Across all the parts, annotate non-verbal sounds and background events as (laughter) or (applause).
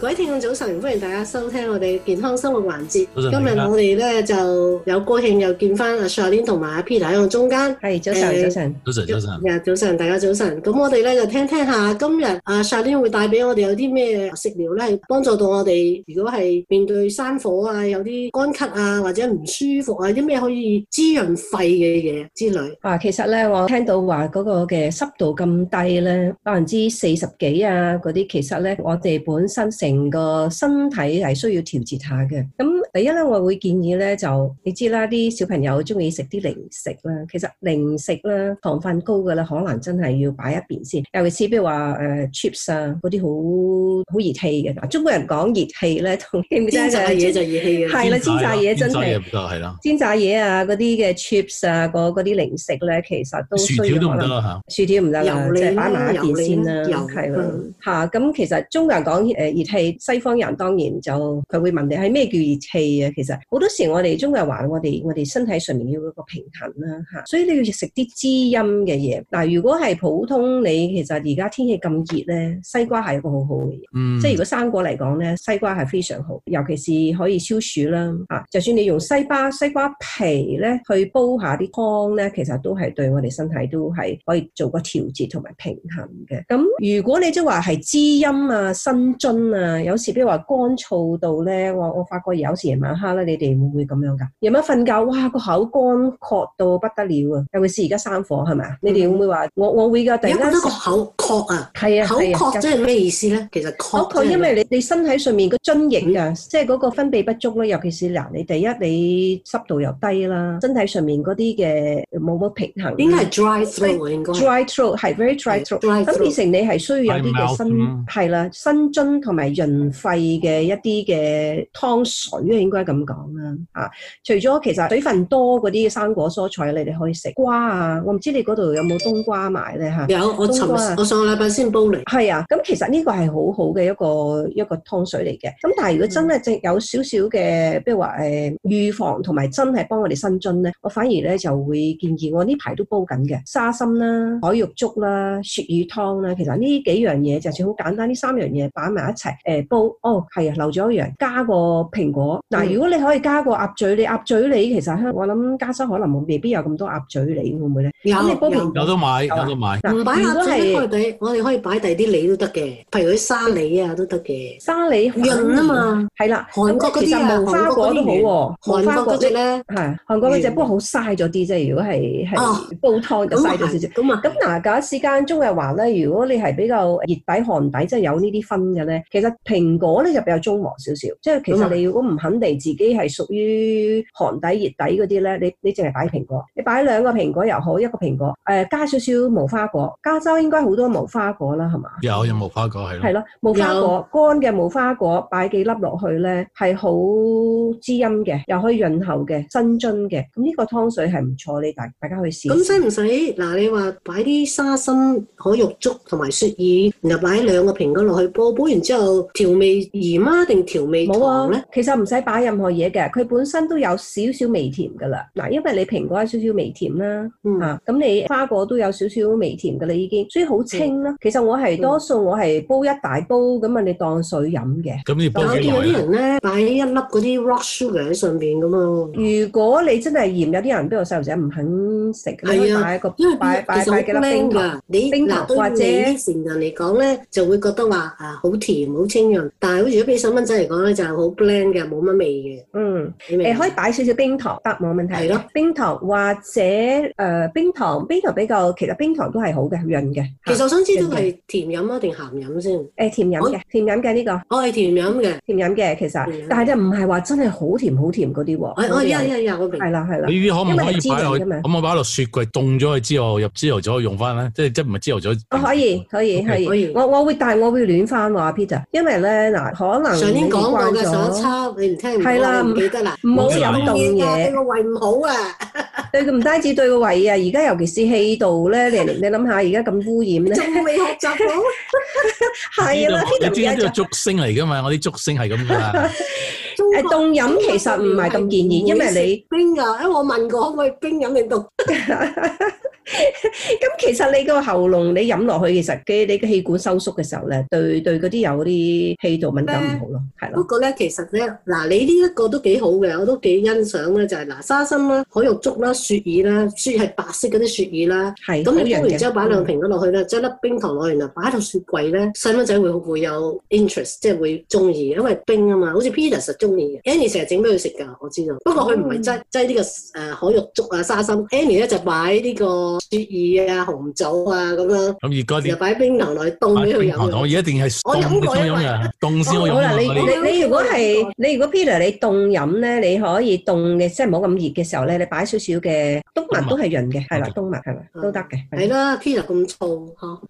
各位聽眾早晨，歡迎大家收聽我哋健康生活環節。早晨，今日我哋咧就有高興又見返阿 Shaun 同埋阿 Peter 喺我中間。係，早晨，欸、早晨，早晨，早晨，早晨，大家早晨。咁我哋咧就聽聽下，今日阿 Shaun 會帶俾我哋有啲咩食療咧，幫助到我哋，如果係面對山火啊，有啲乾咳啊，或者唔舒服啊，啲咩可以滋潤肺嘅嘢之類。四十啊那，其實咧我聽到話嗰個嘅濕度咁低咧，百分之四十幾啊嗰啲，其實咧我哋本身成成個身體係需要調節下嘅。咁第一咧，我會建議咧，就你知啦，啲小朋友中意食啲零食啦。其實零食啦，糖分高嘅咧，可能真係要擺一邊先。尤其是譬如話誒 chips 啊，嗰啲好好熱氣嘅。中國人講熱氣咧，同煎炸嘢就熱氣嘅。係啦，煎炸嘢真係。係啦。煎炸嘢啊，嗰啲嘅 chips 啊，嗰啲零食咧，其實都薯條都唔得啊嚇！薯條唔得啦，即係擺埋一邊先啦，係啦嚇。咁其實中國人講誒熱氣。西方人當然就佢會問你係咩叫熱氣啊？其實好多時我哋中國人話我哋我哋身體上面要一個平衡啦嚇，所以你要食啲滋陰嘅嘢。嗱、嗯，如果係普通你其實而家天氣咁熱咧，西瓜係一個好好嘅嘢，即係如果生果嚟講咧，西瓜係非常好，尤其是可以消暑啦嚇。就算你用西瓜西瓜皮咧去煲下啲湯咧，其實都係對我哋身體都係可以做個調節同埋平衡嘅。咁如果你即係話係滋陰啊、生津啊，有時比如話乾燥到咧，我我發覺有時夜晚黑咧，你哋會唔會咁樣噶？夜晚瞓覺，哇個口乾渴到不得了啊！尤其是而家生火係咪、嗯嗯、啊？你哋會唔會話我我會㗎？第一覺得個口渴啊，係啊，口渴即係咩意思咧？其實口渴因為你你身體上面個津液啊，嗯、即係嗰個分泌不足咧。尤其是嗱，你第一你濕度又低啦，身體上面嗰啲嘅冇乜平衡，應該係 dry throat，dry throat 係 very dry throat，咁變成你係需要有啲嘅新係啦，新、嗯、津同埋。潤肺嘅一啲嘅湯水啊，應該咁講啦啊。除咗其實水分多嗰啲生果蔬菜，你哋可以食瓜啊。我唔知你嗰度有冇冬瓜賣咧嚇？啊、有，我瓜尋日我上個禮拜先煲嚟。係啊，咁其實呢個係好好嘅一個一個湯水嚟嘅。咁但係如果真係即有少少嘅，譬如話誒、呃、預防同埋真係幫我哋生津咧，我反而咧就會建議我呢排都煲緊嘅沙參啦、海玉竹啦、雪耳湯啦。其實呢幾樣嘢就似好簡單，呢三樣嘢擺埋一齊。誒煲哦，係啊，漏咗一樣，加個蘋果。嗱，如果你可以加個鴨嘴梨，鴨嘴梨其實香，我諗加州可能未必有咁多鴨嘴梨，會唔會咧？有，有都買，有得買。唔擺鴨嘴，我哋可以擺第啲梨都得嘅，譬如啲沙梨啊都得嘅。沙梨韓啊嘛，係啦，韓國嗰隻韓國嗰隻咧，係韓國嗰隻，不過好嘥咗啲啫。如果係係煲湯就嘥咗少少。咁啊，咁嗱假時間中嘅話咧，如果你係比較熱底寒底，即係有呢啲分嘅咧，其實，蘋果咧就比較中和少少，即係其實你如果唔肯定自己係屬於寒底熱底嗰啲咧，你你淨係擺蘋果，你擺兩個蘋果又好，一個蘋果，誒、呃、加少少無花果，加州應該好多無花果啦，係嘛？有有無花果係。係咯，無花果乾嘅有無花果擺幾粒落去咧，係好滋陰嘅，又可以潤喉嘅，生津嘅，咁呢個湯水係唔錯，你大大家去試。咁使唔使嗱，你話擺啲沙參、海玉竹同埋雪耳，然後擺兩個蘋果落去煲，煲完之後。調味鹽啊，定調味糖咧？其實唔使擺任何嘢嘅，佢本身都有少少微甜噶啦。嗱，因為你蘋果有少少微甜啦，啊，咁你花果都有少少微甜噶啦已經，所以好清咯。其實我係多數我係煲一大煲咁啊，你當水飲嘅。咁你有啲有啲人咧，擺一粒嗰啲 rock sugar 喺上邊咁啊。如果你真係嫌，有啲人邊個細路仔唔肯食，你可以啊，擺擺擺幾粒冰糖。冰糖或者成人嚟講咧，就會覺得話啊好甜清潤，但係好似如果俾細蚊仔嚟講咧，就係好嘅，冇乜味嘅。嗯，可以擺少少冰糖，得冇問題。咯，冰糖或者冰糖，冰糖比較其實冰糖都係好嘅，潤嘅。其實我想知道係甜飲啊定鹹飲先？甜飲嘅，甜飲嘅呢個。我係甜飲嘅，甜飲嘅其實，但係就唔係話真係好甜好甜嗰啲喎。我我依家依家依家我明。係啦係啦。呢啲可唔可以擺落？咁我擺落雪櫃凍咗去之後，入朝頭早用翻咧，即係即係唔係朝頭早？可以可以可以，我我會但係我會暖翻喎，Peter。因為咧嗱，可能上年講過嘅上週你唔聽唔記得啦，唔好飲凍嘢，對個胃唔好啊！對佢唔單止對個胃啊，而家尤其是氣道咧，你諗下而家咁污染咧，仲未學習到。係啦，呢度呢啲係竹升嚟㗎嘛，我啲竹升係咁㗎。誒，凍飲其實唔係咁建議，因為你冰啊，我問過，我係冰飲定凍。咁 (laughs) 其實你個喉嚨你飲落去，其實嘅你個氣管收縮嘅時候咧，對對嗰啲有嗰啲氣道敏感唔好咯，係啦。不過咧，其實咧，嗱你呢一個都幾好嘅，我都幾欣賞咧，就係、是、嗱沙參啦、海玉竹啦、雪耳啦，雪耳係白色嗰啲雪耳啦。係是。咁你煲完之後擺兩瓶咗落去咧，將粒冰糖攞完啦，擺喺度雪櫃咧，細蚊仔會有、就是、會有 interest，即係會中意，因為冰啊嘛，好似 Peter 實中意嘅，Annie 成日整俾佢食㗎，我知道。嗯、不過佢唔係擠擠呢個誒海玉竹啊、沙參，Annie 咧就擺呢、這個。雪耳啊、紅棗啊咁樣，又擺冰糖落去凍咗佢飲。我而家一定係我飲過飲啊，凍先好啦。你你你如果係你如果 Pila 你凍飲咧，你可以凍嘅，即係冇咁熱嘅時候咧，你擺少少嘅冬蜜都係潤嘅，係啦，冬蜜係咪都得嘅？係咯，Pila 咁燥呵。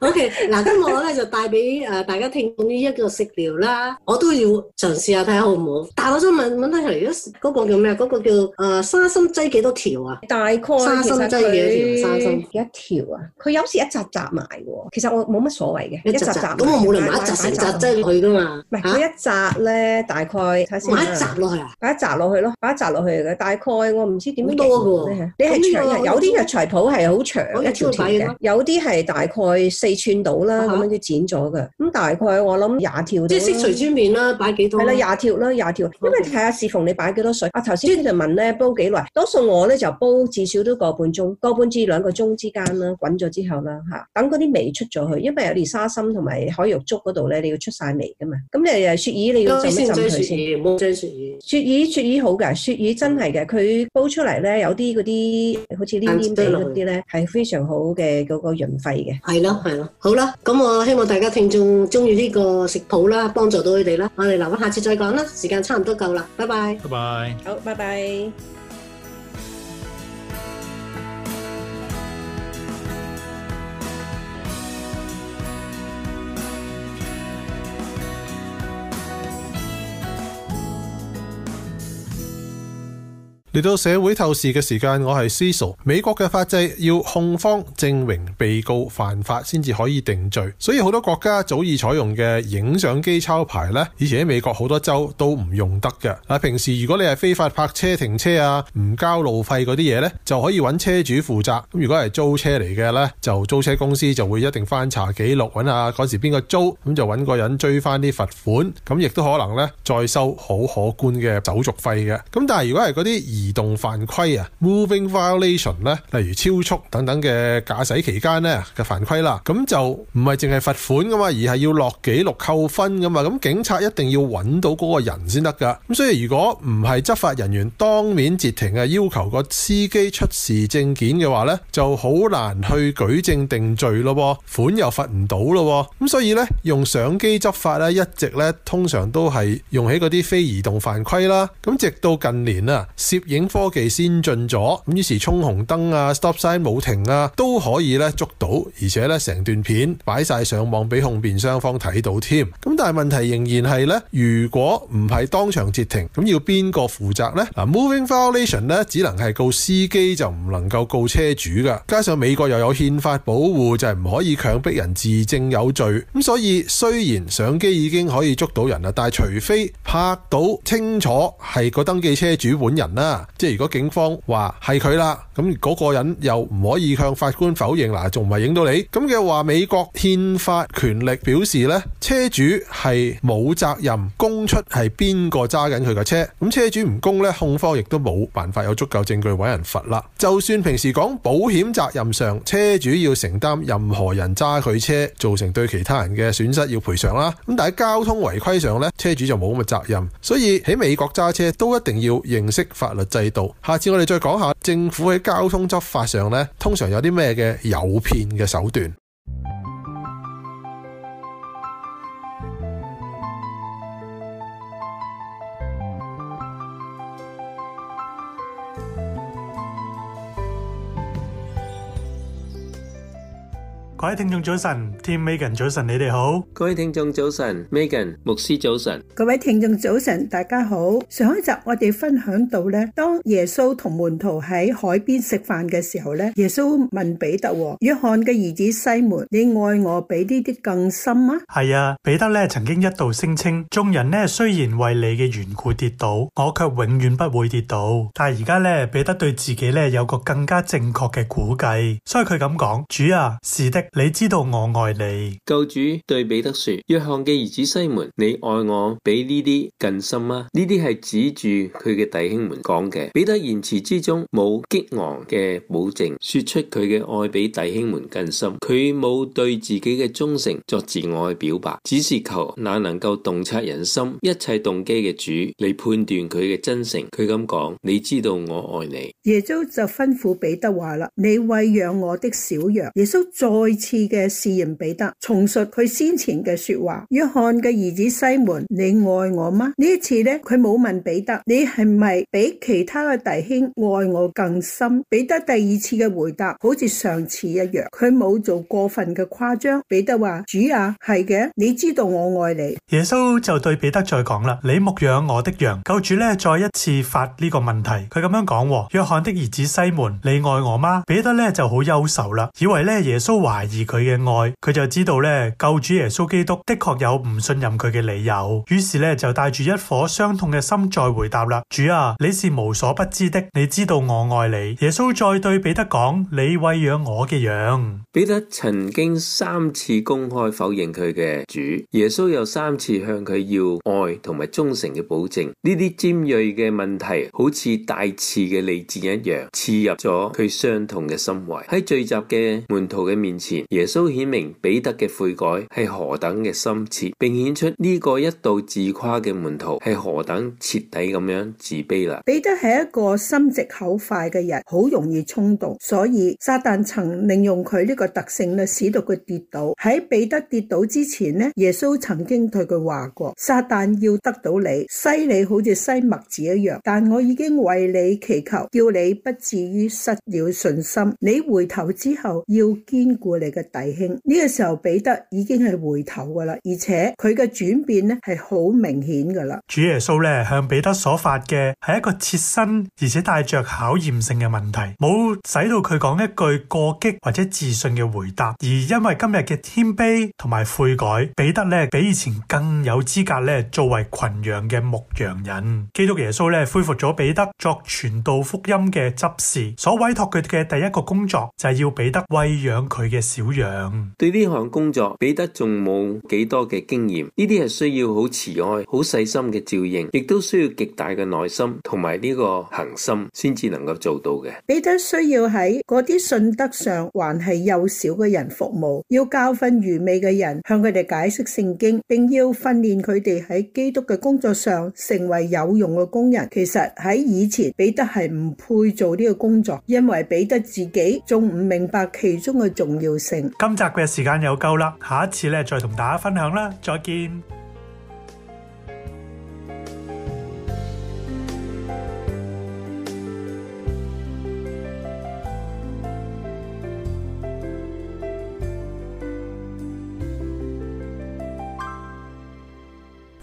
O K，嗱，今日我咧就帶俾誒大家聽呢一個食療啦，我都要嘗試下睇下好唔好？但係我想問問得嚟，嗰個叫咩？嗰個叫誒沙參劑幾多條啊？大概沙參劑幾多條？沙參一條啊？佢有時一扎扎埋喎，其實我冇乜所謂嘅，一扎扎咁我冇理由買一扎成扎劑佢㗎嘛？唔係，一扎咧大概，睇先買一扎落去啊！買一扎落去咯，買一扎落去嘅，大概我唔知點多計你係長有啲藥材鋪係好長一條條嘅，有啲係大概。四寸到啦，咁樣啲剪咗嘅，咁、啊、大概我諗廿條。即係識隨豬面啦，擺幾多？係啦，廿條啦，廿條。條 Okay. 因為睇下侍縫，你擺幾多水？阿頭先就問咧，煲幾耐？多數我咧就煲至少都個半鐘，個半至兩個鐘之間啦，滾咗之後啦嚇，等嗰啲味出咗去。因為有啲沙參同埋海玉竹嗰度咧，你要出晒味嘅嘛。咁你誒，雪耳你要浸一浸佢先雪。先雪，雪耳，雪耳好嘅，雪耳真係嘅，佢煲出嚟咧有啲嗰啲好似黏黏哋嗰啲咧，係、嗯、非常好嘅嗰、那個潤肺嘅。係咯。好啦，咁我希望大家聽眾中意呢個食譜啦，幫助到佢哋啦，我哋留返下次再講啦，時間差唔多夠啦，拜拜，拜拜，好，拜拜。嚟到社會透視嘅時間，我係 Cecil。美國嘅法制要控方證明被告犯法先至可以定罪，所以好多國家早已採用嘅影相機抄牌呢，以前喺美國好多州都唔用得嘅。嗱，平時如果你係非法泊車、停車啊、唔交路費嗰啲嘢呢，就可以揾車主負責。咁如果係租車嚟嘅呢，就租車公司就會一定翻查記錄，揾下嗰時邊個租，咁就揾個人追翻啲罰款。咁亦都可能呢再收好可觀嘅手續費嘅。咁但係如果係嗰啲移動犯規啊，moving violation 咧，例如超速等等嘅駕駛期間咧嘅犯規啦，咁就唔係淨係罰款噶嘛，而係要落紀錄扣分噶嘛，咁警察一定要揾到嗰個人先得噶，咁所以如果唔係執法人員當面截停啊，要求個司機出示證件嘅話咧，就好難去舉證定罪咯，款又罰唔到咯，咁所以咧用相機執法咧，一直咧通常都係用喺嗰啲非移動犯規啦，咁直到近年啊，攝影。科技先進咗，咁於是衝紅燈啊、stop sign 冇停啊，都可以咧捉到，而且咧成段片擺晒上，上網俾控辯雙方睇到添。咁但係問題仍然係咧，如果唔係當場截停，咁要邊個負責呢？嗱，moving violation 咧只能係告司機，就唔能夠告車主噶。加上美國又有憲法保護，就係、是、唔可以強迫人自證有罪。咁所以雖然相機已經可以捉到人啦，但係除非拍到清楚係個登記車主本人啦。即係如果警方話係佢啦，咁嗰個人又唔可以向法官否認嗱，仲唔係影到你？咁嘅話，美國憲法權力表示呢，車主係冇責任供出係邊個揸緊佢嘅車。咁車主唔供呢，控方亦都冇辦法有足夠證據搵人罰啦。就算平時講保險責任上，車主要承擔任何人揸佢車造成對其他人嘅損失要賠償啦。咁但係喺交通違規上呢，車主就冇咁嘅責任。所以喺美國揸車都一定要認識法律。制度，下次我哋再講下政府喺交通執法上咧，通常有啲咩嘅誘騙嘅手段。各位聽眾早晨，Team Megan 早晨，你哋好。各位聽眾早晨，Megan 牧師早晨。各位聽眾早晨，大家好。上一集我哋分享到咧，當耶穌同門徒喺海邊食飯嘅時候咧，耶穌問彼得：約翰嘅兒子西門，你愛我比呢啲更深嗎？係啊，彼得咧曾經一度聲稱：眾人咧雖然為你嘅緣故跌倒，我卻永遠不會跌倒。但係而家咧，彼得對自己咧有個更加正確嘅估計，所以佢咁講：主啊，是的。你知道我愛你。救主對彼得說：約翰嘅兒子西門，你愛我比呢啲更深嗎？呢啲係指住佢嘅弟兄們講嘅。彼得言辭之中冇激昂嘅保證，說出佢嘅愛比弟兄們更深。佢冇對自己嘅忠誠作自我嘅表白，只是求那能夠洞察人心、一切動機嘅主嚟判斷佢嘅真誠。佢咁講：你知道我愛你。耶穌就吩咐彼得話啦：你餵養我的小羊。耶穌再。一次嘅試驗彼得重述佢先前嘅說話。約翰嘅兒子西門，你愛我嗎？呢一次呢，佢冇問彼得，你係咪比其他嘅弟兄愛我更深？彼得第二次嘅回答好似上次一樣，佢冇做過分嘅誇張。彼得話：主啊，係嘅，你知道我愛你。耶穌就對彼得再講啦：你牧養我的羊。救主呢，再一次發呢個問題，佢咁樣講：約翰的兒子西門，你愛我嗎？彼得呢就好憂愁啦，以為呢耶穌懷。而佢嘅愛，佢就知道咧，救主耶穌基督的確有唔信任佢嘅理由，於是咧就帶住一顆傷痛嘅心再回答啦：主啊，你是無所不知的，你知道我愛你。耶穌再對彼得講：你餵養我嘅羊。彼得曾經三次公開否認佢嘅主，耶穌又三次向佢要愛同埋忠誠嘅保證。呢啲尖銳嘅問題，好似大刺嘅利劍一樣，刺入咗佢傷痛嘅心懷。喺聚集嘅門徒嘅面前。耶穌顯明彼得嘅悔改係何等嘅深切，並顯出呢個一度自誇嘅門徒係何等徹底咁樣自卑啦。彼得係一個心直口快嘅人，好容易衝動，所以撒旦曾利用佢呢個特性使到佢跌倒。喺彼得跌倒之前呢，耶穌曾經對佢話過：撒旦要得到你，篩你好似篩麥子一樣，但我已經為你祈求，叫你不至於失了信心。你回頭之後要堅固你。嘅弟兄，呢個時候彼得已經係回頭噶啦，而且佢嘅轉變咧係好明顯噶啦。主耶穌咧向彼得所發嘅係一個切身而且帶着考驗性嘅問題，冇使到佢講一句過激或者自信嘅回答。而因為今日嘅謙卑同埋悔改，彼得咧比以前更有資格咧作為群羊嘅牧羊人。基督耶穌咧恢復咗彼得作傳道福音嘅執事，所委託佢嘅第一個工作就係要彼得餵養佢嘅。小樣，對呢項工作彼得仲冇幾多嘅經驗，呢啲係需要好慈愛、好細心嘅照應，亦都需要極大嘅耐心同埋呢個恆心先至能夠做到嘅。彼得需要喺嗰啲信德上還係幼小嘅人服務，要教訓愚昧嘅人，向佢哋解釋聖經，並要訓練佢哋喺基督嘅工作上成為有用嘅工人。其實喺以前，彼得係唔配做呢個工作，因為彼得自己仲唔明白其中嘅重要性。今集嘅時間又夠啦，下一次咧再同大家分享啦，再見。